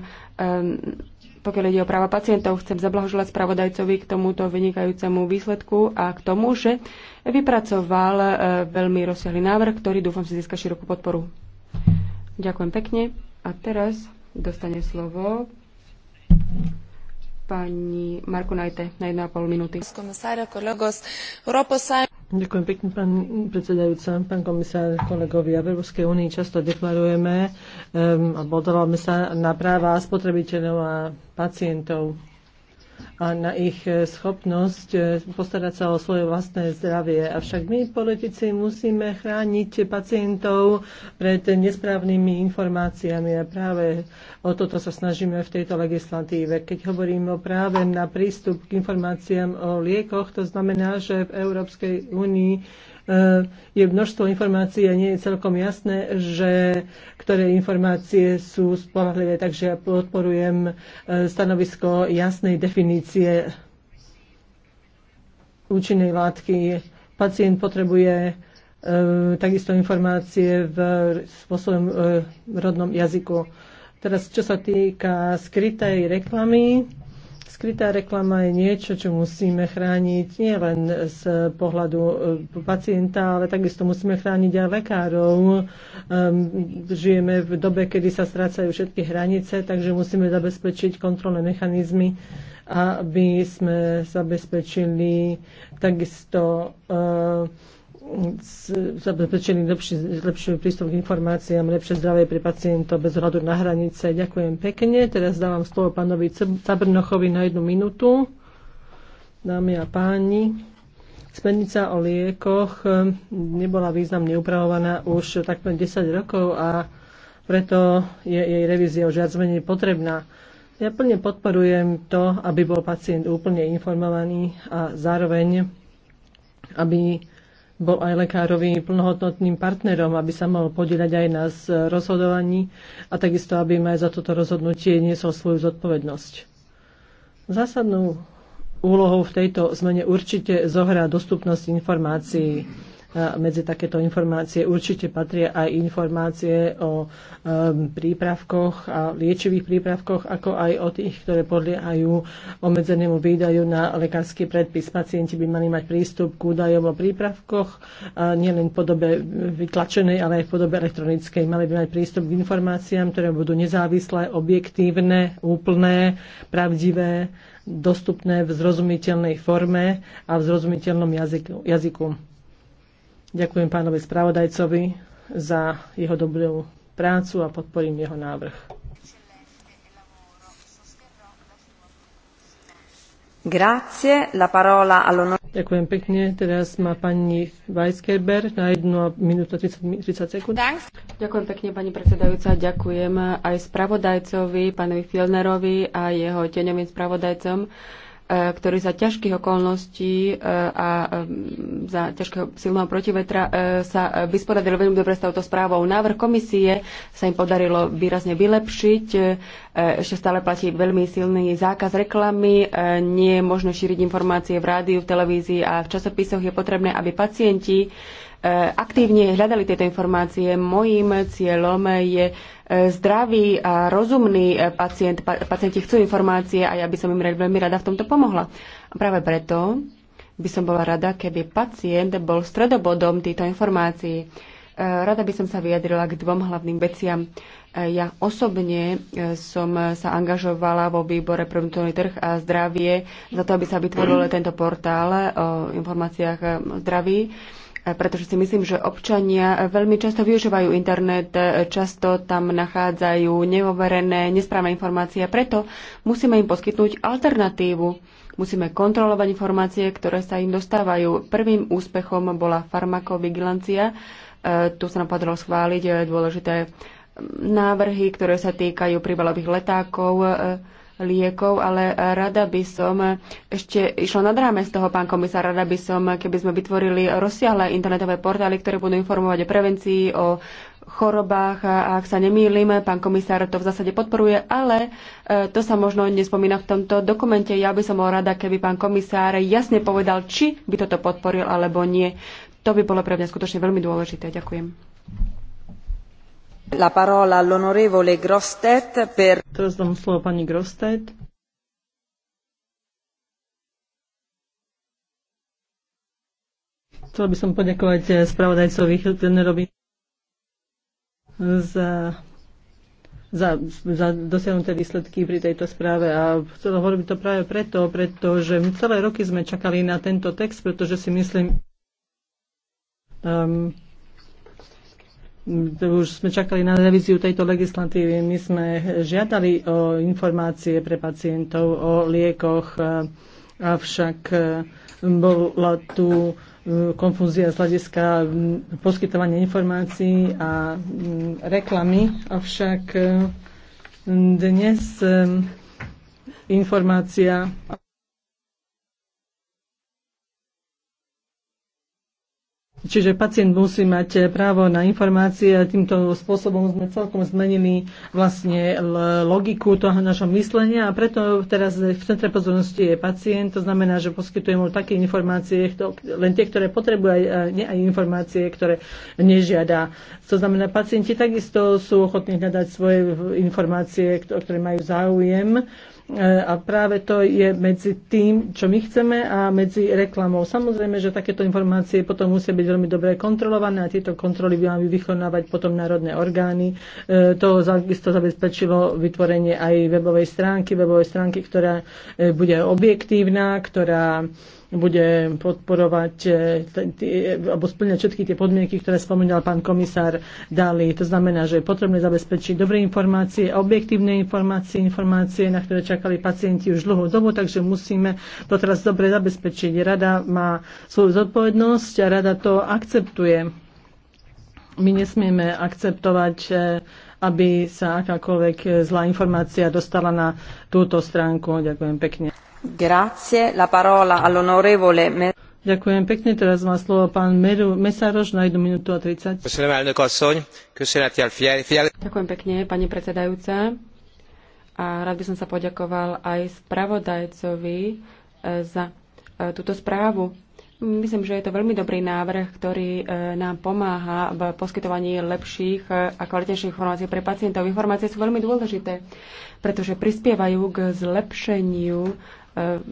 [SPEAKER 3] pokiaľ ide o práva pacientov, chcem zablahoželať spravodajcovi k tomuto vynikajúcemu výsledku a k tomu, že vypracoval e, veľmi rozsiahly návrh, ktorý dúfam si získa širokú podporu. Ďakujem pekne. A teraz dostane slovo pani Marku Najte na 1,5 minúty. Ďakujem pekne, pán predsedajúca, pán
[SPEAKER 1] komisár, kolegovia. V Európskej únii často deklarujeme um, alebo odvolávame sa na práva spotrebiteľov a pacientov a na ich e, schopnosť e, postarať sa o svoje vlastné zdravie. Avšak my, politici, musíme chrániť pacientov pred nesprávnymi informáciami a práve o toto sa snažíme v tejto legislatíve. Keď hovoríme o práve na prístup k informáciám o liekoch, to znamená, že v Európskej únii E, je množstvo informácií a nie je celkom jasné, že ktoré informácie sú spolahlivé. Takže ja podporujem e, stanovisko jasnej definície účinnej látky. Pacient potrebuje e, takisto informácie v, vo svojom rodnom jazyku. Teraz, čo sa týka skrytej reklamy, Skrytá reklama je niečo, čo musíme chrániť nielen z pohľadu e, pacienta, ale takisto musíme chrániť aj lekárov. Ehm, žijeme v dobe, kedy sa strácajú všetky hranice, takže musíme zabezpečiť kontrolné mechanizmy, aby sme zabezpečili takisto uh, zabezpečený lepší, lepší prístup k informáciám, lepšie zdravie pre pacientov bez hľadu na hranice. Ďakujem pekne. Teraz dávam slovo pánovi Cabrnochovi na jednu minútu. Dámy a páni, Smernica o liekoch ehm, nebola významne upravovaná už takmer 10 rokov a preto je jej revízia už viac menej potrebná. Ja plne podporujem to, aby bol pacient úplne informovaný a zároveň, aby bol aj lekárovi plnohodnotným partnerom, aby sa mohol podielať aj na rozhodovaní a takisto, aby aj za toto rozhodnutie niesol svoju zodpovednosť. Zásadnou úlohou v tejto zmene určite zohrá dostupnosť informácií medzi takéto informácie určite patria aj informácie o prípravkoch a liečivých prípravkoch, ako aj o tých, ktoré podliehajú obmedzenému výdaju na lekársky predpis. Pacienti by mali mať prístup k údajom o prípravkoch, nielen v podobe vytlačenej, ale aj v podobe elektronickej. Mali by mať prístup k informáciám, ktoré budú nezávislé, objektívne, úplné, pravdivé, dostupné v zrozumiteľnej forme a v zrozumiteľnom jazyku. jazyku. Ďakujem pánovi spravodajcovi za jeho dobrú prácu a podporím jeho návrh. Grazie, la parola all'onore. Ďakujem pekne. Teraz má pani Weisgerber na 1 minútu
[SPEAKER 3] 30, 30 sekúnd. Ďakujem pekne, pani predsedajúca. Ďakujem aj spravodajcovi, pánovi Filnerovi a jeho teňovým spravodajcom E, ktorý za ťažkých okolností e, a e, za ťažkého silného protivetra sa vysporiadali veľmi dobre s touto správou. Návrh komisie sa im podarilo výrazne vylepšiť. Ešte stále platí veľmi silný zákaz reklamy. Nie je možné šíriť informácie v rádiu, v televízii a v časopisoch. Je potrebné, aby pacienti E, aktívne hľadali tieto informácie. Mojím cieľom je e, zdravý a rozumný e, pacient. Pacienti chcú informácie a ja by som im veľmi rada v tomto pomohla. A práve preto by som bola rada, keby pacient bol stredobodom týchto informácií. Rada by som sa vyjadrila k dvom hlavným veciam. Ja osobne som sa angažovala vo výbore pre vnútorný trh a zdravie za to, aby sa vytvoril tento portál o informáciách o zdraví pretože si myslím, že občania veľmi často využívajú internet, často tam nachádzajú neoverené, nesprávne informácie, preto musíme im poskytnúť alternatívu. Musíme kontrolovať informácie, ktoré sa im dostávajú. Prvým úspechom bola farmakovigilancia. E, tu sa nám podarilo schváliť dôležité mm, návrhy, ktoré sa týkajú príbalových letákov e, liekov, ale rada by som ešte išla nad ráme z toho, pán komisár, rada by som, keby sme vytvorili rozsiahle internetové portály, ktoré budú informovať o prevencii, o chorobách a ak sa nemýlim, pán komisár to v zásade podporuje, ale e, to sa možno nespomína v tomto dokumente. Ja by som bol rada, keby pán komisár jasne povedal, či by toto podporil alebo nie. To by bolo pre mňa skutočne veľmi dôležité. Ďakujem. La parola all'onorevole Grostet per... Teraz dám slovo pani Grostet.
[SPEAKER 1] Chcela by som poďakovať eh, spravodajcovi Hiltnerovi za za, za dosiahnuté výsledky pri tejto správe a chcela hovoriť to práve preto, pretože my celé roky sme čakali na tento text, pretože si myslím, um, už sme čakali na revíziu tejto legislatívy. My sme žiadali o informácie pre pacientov o liekoch, avšak e, bola tu e, konfúzia z hľadiska poskytovania informácií a reklamy, avšak e, dnes informácia Čiže pacient musí mať eh, právo na informácie a týmto spôsobom sme celkom zmenili vlastne logiku toho našho myslenia a preto teraz v centre pozornosti je pacient, to znamená, že poskytujeme mu také informácie, len tie, ktoré potrebuje, nie aj informácie, ktoré nežiada. To znamená, pacienti takisto sú ochotní hľadať svoje informácie, ktoré majú záujem E, a práve to je medzi tým, čo my chceme a medzi reklamou. Samozrejme, že takéto informácie potom musia byť veľmi dobre kontrolované a tieto kontroly by mali vykonávať potom národné orgány. E, to isto zabezpečilo vytvorenie aj webovej stránky, webovej stránky, ktorá e, bude objektívna, ktorá bude podporovať e, alebo splňať všetky tie podmienky, ktoré spomínal pán komisár Dali. To znamená, že je potrebné zabezpečiť dobré informácie, objektívne informácie, informácie, na ktoré čakali pacienti už dlhú dobu, takže musíme to teraz dobre zabezpečiť. Rada má svoju zodpovednosť a rada to akceptuje. My nesmieme akceptovať e, aby sa akákoľvek zlá informácia dostala na túto stránku. Ďakujem pekne.
[SPEAKER 3] Ďakujem
[SPEAKER 1] pekne, teraz má slovo pán Meru Mesaroš na 1 minútu a 30.
[SPEAKER 3] Ďakujem pekne, pani predsedajúca. A rád by som sa poďakoval aj spravodajcovi e, za e, túto správu. Myslím, že je to veľmi dobrý návrh, ktorý e, nám pomáha v poskytovaní lepších a kvalitnejších informácií pre pacientov. Informácie sú veľmi dôležité, pretože prispievajú k zlepšeniu E,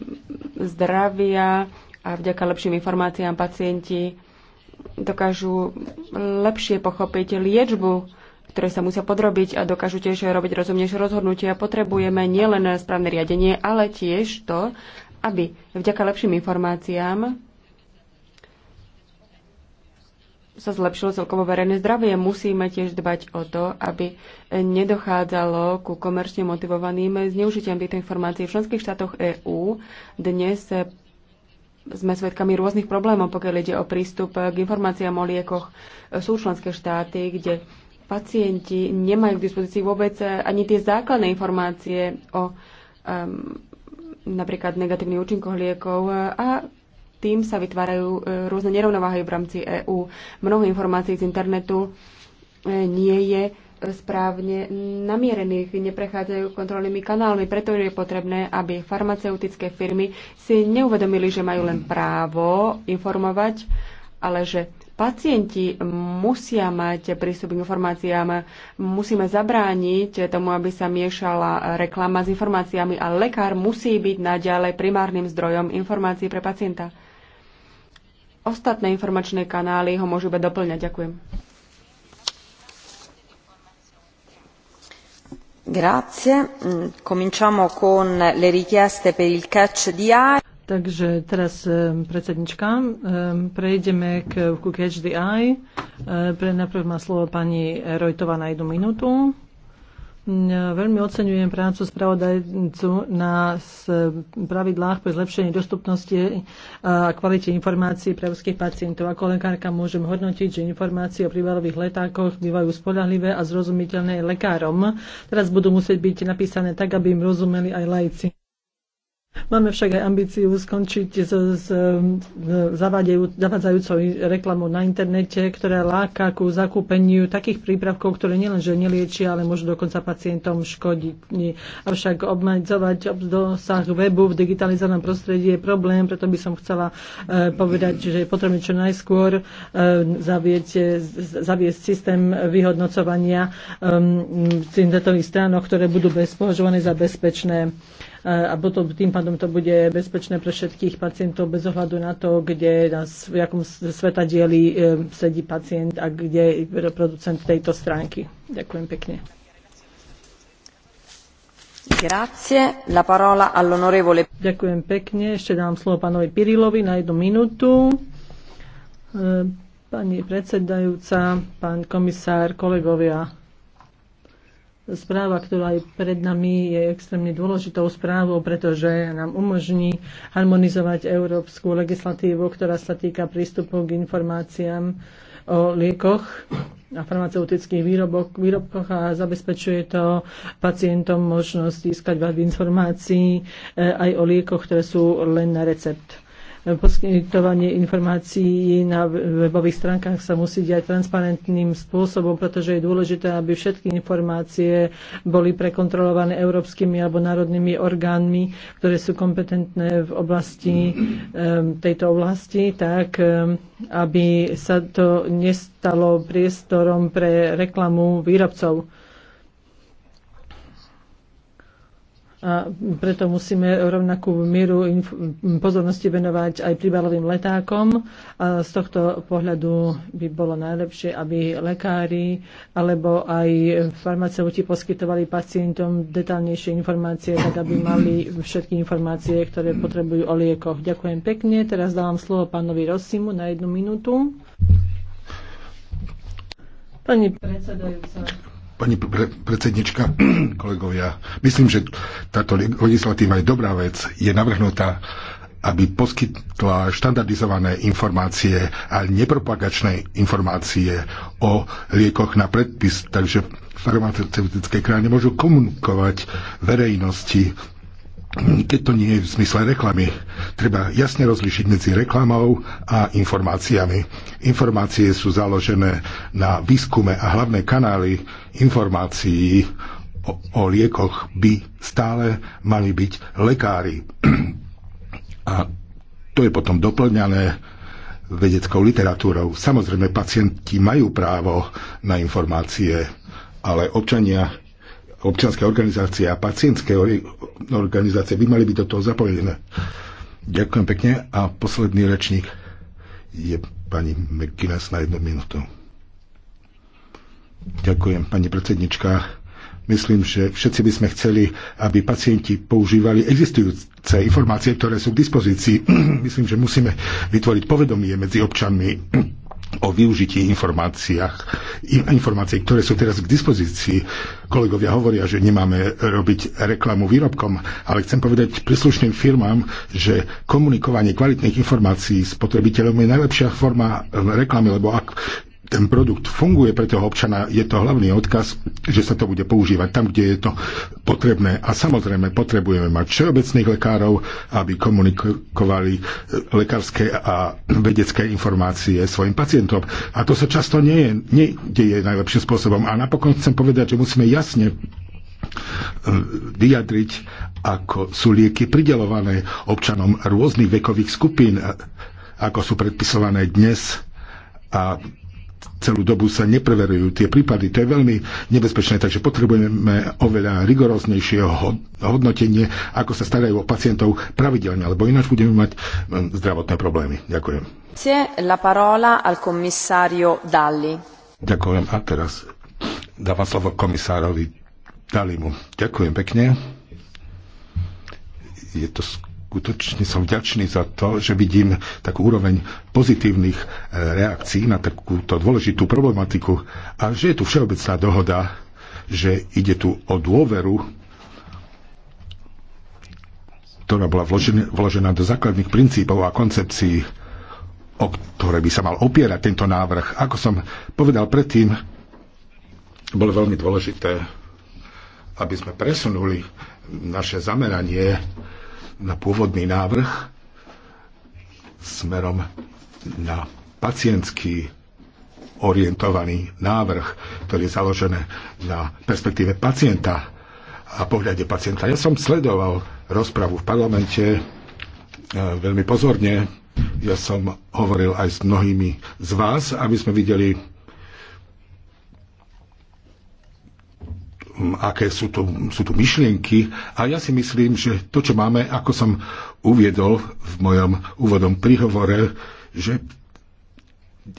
[SPEAKER 3] zdravia a vďaka lepším informáciám pacienti dokážu lepšie pochopiť liečbu, ktoré sa musia podrobiť a dokážu tiež robiť rozumnejšie rozhodnutia. Potrebujeme nielen správne riadenie, ale tiež to, aby vďaka lepším informáciám sa zlepšilo celkovo verejné zdravie. Musíme tiež dbať o to, aby nedochádzalo ku komerčne motivovaným zneužitiam týchto informácií. V členských štátoch EÚ dnes sme svedkami rôznych problémov, pokiaľ ide o prístup k informáciám o liekoch. Sú členské štáty, kde pacienti nemajú k dispozícii vôbec ani tie základné informácie o um, napríklad negatívnych účinkoch liekov a tým sa vytvárajú e, rôzne nerovnováhy v rámci EÚ. Mnoho informácií z internetu e, nie je e, správne namierených, neprechádzajú kontrolnými kanálmi. Preto je potrebné, aby farmaceutické firmy si neuvedomili, že majú len právo informovať, ale že pacienti musia mať prístup k informáciám, musíme zabrániť tomu, aby sa miešala reklama s informáciami a lekár musí byť naďalej primárnym zdrojom informácií pre pacienta ostatné informačné kanály ho môžu iba doplňať. Ďakujem. Grazie. Mm, cominciamo con le richieste per il catch di eye. Takže teraz,
[SPEAKER 1] eh, predsednička, eh, prejdeme k, ku catch the eye. Eh, pre, najprv má slovo pani Rojtová na jednu minútu. Ja veľmi oceňujem prácu spravodajcu na pravidlách pre zlepšenie dostupnosti e, a kvalite informácií pre ruských pacientov. Ako lekárka môžem hodnotiť, že informácie o prívalových letákoch bývajú spolahlivé a zrozumiteľné lekárom. Teraz budú musieť byť napísané tak, aby im rozumeli aj lajci. Máme však aj ambíciu skončiť s, s zavádzajúcou reklamou na internete, ktorá láka ku zakúpeniu takých prípravkov, ktoré nielenže neliečia, ale môžu dokonca pacientom škodiť. Avšak obmedzovať dosah webu v digitalizovanom prostredí je problém, preto by som chcela e, povedať, že je potrebné čo najskôr e, zavieť, zaviesť systém vyhodnocovania e, internetových stránok, ktoré budú považované za bezpečné. Eh, a potom tým pádom to bude bezpečné pre všetkých pacientov bez ohľadu na to, kde nás, v jakom sveta dieli eh, sedí pacient a kde je producent tejto stránky. Ďakujem pekne. Grazie. La parola all'onorevole. Ďakujem pekne. Ešte dám slovo pánovi Pirilovi na jednu minútu. Eh, pani predsedajúca, pán komisár, kolegovia, správa, ktorá je pred nami, je extrémne dôležitou správou, pretože nám umožní harmonizovať európsku legislatívu, ktorá sa týka prístupu k informáciám o liekoch a farmaceutických výrobok, výrobkoch a zabezpečuje to pacientom možnosť získať veľa informácií eh, aj o liekoch, ktoré sú len na recept poskytovanie informácií na webových stránkach sa musí diať transparentným spôsobom, pretože je dôležité, aby všetky informácie boli prekontrolované európskymi alebo národnými orgánmi, ktoré sú kompetentné v oblasti tejto oblasti, tak aby sa to nestalo priestorom pre reklamu výrobcov. a preto musíme rovnakú mieru pozornosti venovať aj príbalovým letákom. A z tohto pohľadu by bolo najlepšie, aby lekári alebo aj farmaceuti poskytovali pacientom detálnejšie informácie, tak aby mali všetky informácie, ktoré potrebujú o liekoch. Ďakujem pekne. Teraz dávam slovo pánovi Rosimu na jednu minútu. Pani predsedajúca.
[SPEAKER 2] Pani pre, predsednička, kolegovia, myslím, že táto legislatíva je dobrá vec. Je navrhnutá, aby poskytla štandardizované informácie a nepropagačné informácie o liekoch na predpis, takže farmaceutické krajiny môžu komunikovať verejnosti keď to nie je v zmysle reklamy. Treba jasne rozlišiť medzi reklamou a informáciami. Informácie sú založené na výskume a hlavné kanály informácií o, o liekoch by stále mali byť lekári. A to je potom doplňané vedeckou literatúrou. Samozrejme, pacienti majú právo na informácie, ale občania občianské organizácie a pacientské organizácie by mali byť do toho zapojené. Ďakujem pekne a posledný rečník je pani McGuinness na jednu minútu. Ďakujem, pani predsednička. Myslím, že všetci by sme chceli, aby pacienti používali existujúce informácie, ktoré sú k dispozícii. Myslím, že musíme vytvoriť povedomie medzi občanmi o využití informáciách, informácií, ktoré sú teraz k dispozícii. Kolegovia hovoria, že nemáme robiť reklamu výrobkom, ale chcem povedať príslušným firmám, že komunikovanie kvalitných informácií spotrebiteľom je najlepšia forma reklamy, lebo ak ten produkt funguje pre toho občana, je to hlavný odkaz, že sa to bude používať tam, kde je to potrebné. A samozrejme potrebujeme mať všeobecných lekárov, aby komunikovali eh, lekárske a vedecké informácie svojim pacientom. A to sa často nie, je, nie deje najlepším spôsobom. A napokon chcem povedať, že musíme jasne eh, vyjadriť, ako sú lieky pridelované občanom rôznych vekových skupín, eh, ako sú predpisované dnes a celú dobu sa nepreverujú tie prípady. To je veľmi nebezpečné, takže potrebujeme oveľa rigoróznejšie hodnotenie, ako sa starajú o pacientov pravidelne, lebo ináč budeme mať hm, zdravotné problémy. Ďakujem.
[SPEAKER 3] La parola al commissario Dalli.
[SPEAKER 2] Ďakujem. A teraz dávam slovo komisárovi Dalimu. Ďakujem pekne. Je to skutočne som vďačný za to, že vidím takú úroveň pozitívnych e, reakcií na takúto dôležitú problematiku a že je tu všeobecná dohoda, že ide tu o dôveru, ktorá bola vložená, do základných princípov a koncepcií, o ktoré by sa mal opierať tento návrh. Ako som povedal predtým, bolo veľmi dôležité, aby sme presunuli naše zameranie na pôvodný návrh smerom na pacientský orientovaný návrh, ktorý je založený na perspektíve pacienta a pohľade pacienta. Ja som sledoval rozpravu v parlamente e, veľmi pozorne. Ja som hovoril aj s mnohými z vás, aby sme videli aké sú tu, sú tu myšlienky a ja si myslím, že to, čo máme, ako som uviedol v mojom úvodom príhovore, že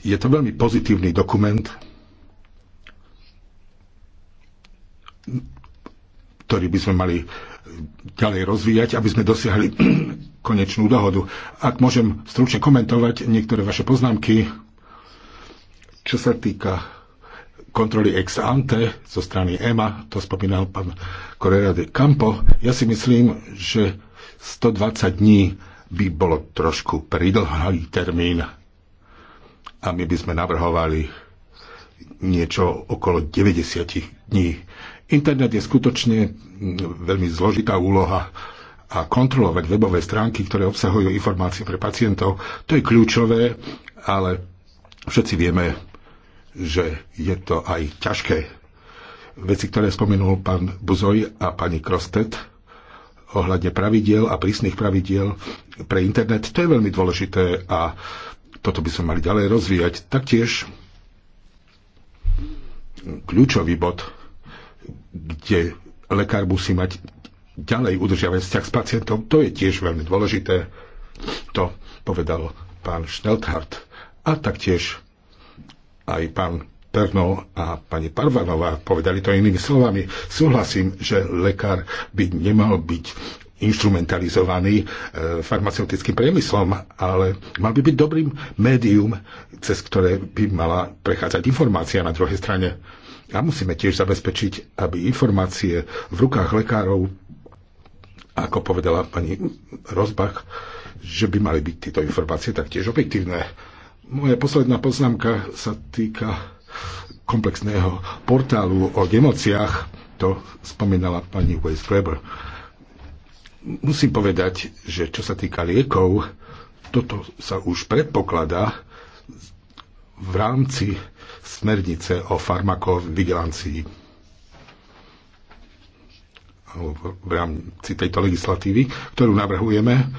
[SPEAKER 2] je to veľmi pozitívny dokument, ktorý by sme mali ďalej rozvíjať, aby sme dosiahli konečnú dohodu. Ak môžem stručne komentovať niektoré vaše poznámky, čo sa týka kontroly ex ante zo strany EMA, to spomínal pán Correa de Campo, ja si myslím, že 120 dní by bolo trošku pridlhý termín a my by sme navrhovali niečo okolo 90 dní. Internet je skutočne veľmi zložitá úloha a kontrolovať webové stránky, ktoré obsahujú informácie pre pacientov, to je kľúčové, ale všetci vieme, že je to aj ťažké. Veci, ktoré spomenul pán Buzoj a pani Krostet ohľadne pravidiel a prísnych pravidiel pre internet, to je veľmi dôležité a toto by sme mali ďalej rozvíjať. Taktiež kľúčový bod, kde lekár musí mať ďalej udržiavať vzťah s pacientom, to je tiež veľmi dôležité. To povedal pán Schnelthardt. A taktiež aj pán Perno a pani Parvanová povedali to inými slovami. Súhlasím, že lekár by nemal byť instrumentalizovaný e, farmaceutickým priemyslom, ale mal by byť dobrým médium, cez ktoré by mala prechádzať informácia na druhej strane. A musíme tiež zabezpečiť, aby informácie v rukách lekárov, ako povedala pani Rozbach, že by mali byť tieto informácie taktiež objektívne moja posledná poznámka sa týka komplexného portálu o emóciách. To spomínala pani Weiss Weber. Musím povedať, že čo sa týka liekov, toto sa už predpokladá v rámci smernice o farmakovigilancii v rámci tejto legislatívy, ktorú navrhujeme,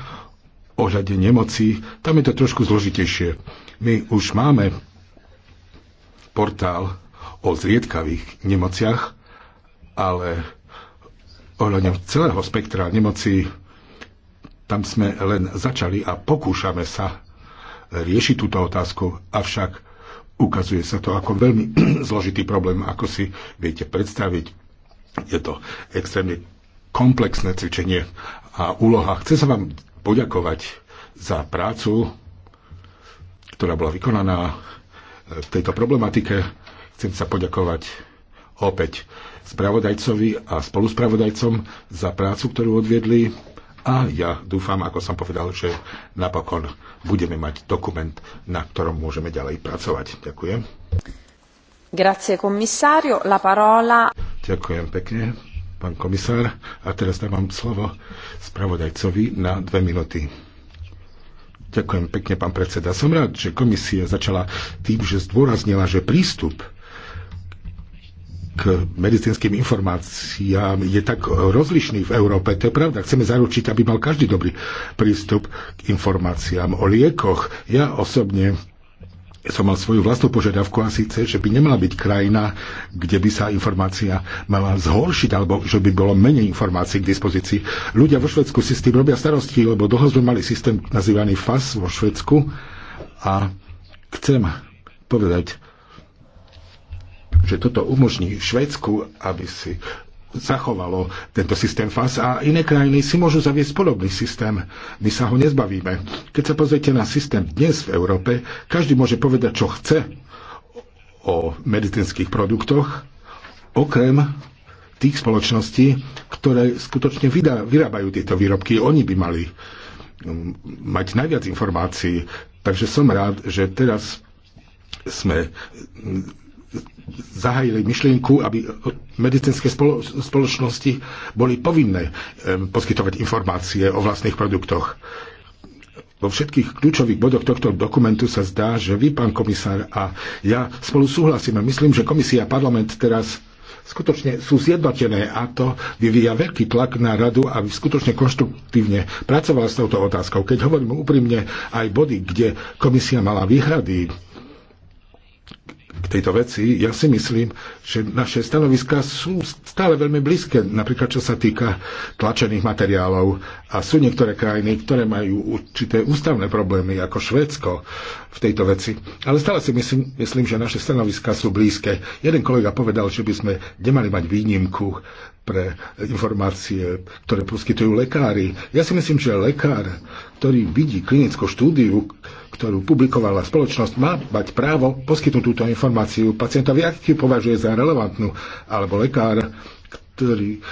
[SPEAKER 2] o řade nemocí, tam je to trošku zložitejšie. My už máme portál o zriedkavých nemociach, ale ohľadom celého spektra nemocí tam sme len začali a pokúšame sa riešiť túto otázku, avšak ukazuje sa to ako veľmi zložitý problém, ako si viete predstaviť. Je to extrémne komplexné cvičenie a úloha. Chcem sa vám poďakovať za prácu, ktorá bola vykonaná e, v tejto problematike. Chcem sa poďakovať opäť spravodajcovi a spoluspravodajcom za prácu, ktorú odviedli. A ja dúfam, ako som povedal, že napokon budeme mať dokument, na ktorom môžeme ďalej pracovať. Ďakujem.
[SPEAKER 3] Grazie, komisario. La parola...
[SPEAKER 2] Ďakujem pekne, pán komisár. A teraz dávam slovo spravodajcovi na dve minúty. Ďakujem pekne, pán predseda. Som rád, že komisia začala tým, že zdôraznila, že prístup k medicínskym informáciám je tak rozlišný v Európe. To je pravda. Chceme zaručiť, aby mal každý dobrý prístup k informáciám o liekoch. Ja osobne som mal svoju vlastnú požiadavku a síce, že by nemala byť krajina, kde by sa informácia mala zhoršiť alebo že by bolo menej informácií k dispozícii. Ľudia vo Švedsku si s tým robia starosti, lebo dlho sme mali systém nazývaný FAS vo Švedsku a chcem povedať, že toto umožní Švedsku, aby si zachovalo tento systém FAS a iné krajiny si môžu zaviesť podobný systém. My sa ho nezbavíme. Keď sa pozriete na systém dnes v Európe, každý môže povedať, čo chce o medicínskych produktoch, okrem tých spoločností, ktoré skutočne vyrábajú tieto výrobky. Oni by mali um, mať najviac informácií. Takže som rád, že teraz sme um, zahajili myšlienku, aby medicínske spolo- spoločnosti boli povinné poskytovať informácie o vlastných produktoch. Vo všetkých kľúčových bodoch tohto dokumentu sa zdá, že vy, pán komisár, a ja spolu súhlasíme. Myslím, že komisia a parlament teraz skutočne sú zjednotené a to vyvíja veľký tlak na radu, aby skutočne konštruktívne pracovala s touto otázkou. Keď hovorím úprimne, aj body, kde komisia mala výhrady, k tejto veci, ja si myslím, že naše stanoviská sú stále veľmi blízke, napríklad čo sa týka tlačených materiálov. A sú niektoré krajiny, ktoré majú určité ústavné problémy, ako Švédsko, v tejto veci. Ale stále si myslím, myslím že naše stanoviská sú blízke. Jeden kolega povedal, že by sme nemali mať výnimku pre informácie, ktoré poskytujú lekári. Ja si myslím, že lekár, ktorý vidí klinickú štúdiu, ktorú publikovala spoločnosť, má mať právo poskytnúť túto informáciu pacientovi, ak ju považuje za relevantnú, alebo lekár, ktorý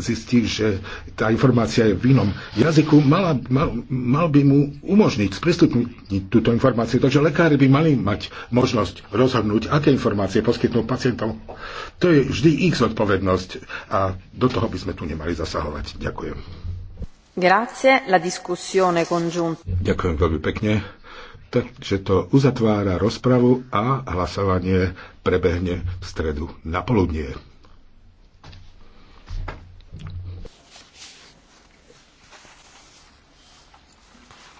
[SPEAKER 2] zistí, že tá informácia je v inom jazyku, mala, mal, mal by mu umožniť sprístupniť túto informáciu. Takže lekári by mali mať možnosť rozhodnúť, aké informácie poskytnú pacientom. To je vždy ich zodpovednosť a do toho by sme tu nemali zasahovať. Ďakujem.
[SPEAKER 3] Grazie, la discussione
[SPEAKER 2] congiunta. Ďakujem veľmi pekne. Takže to uzatvára rozpravu a hlasovanie prebehne v stredu na poludnie.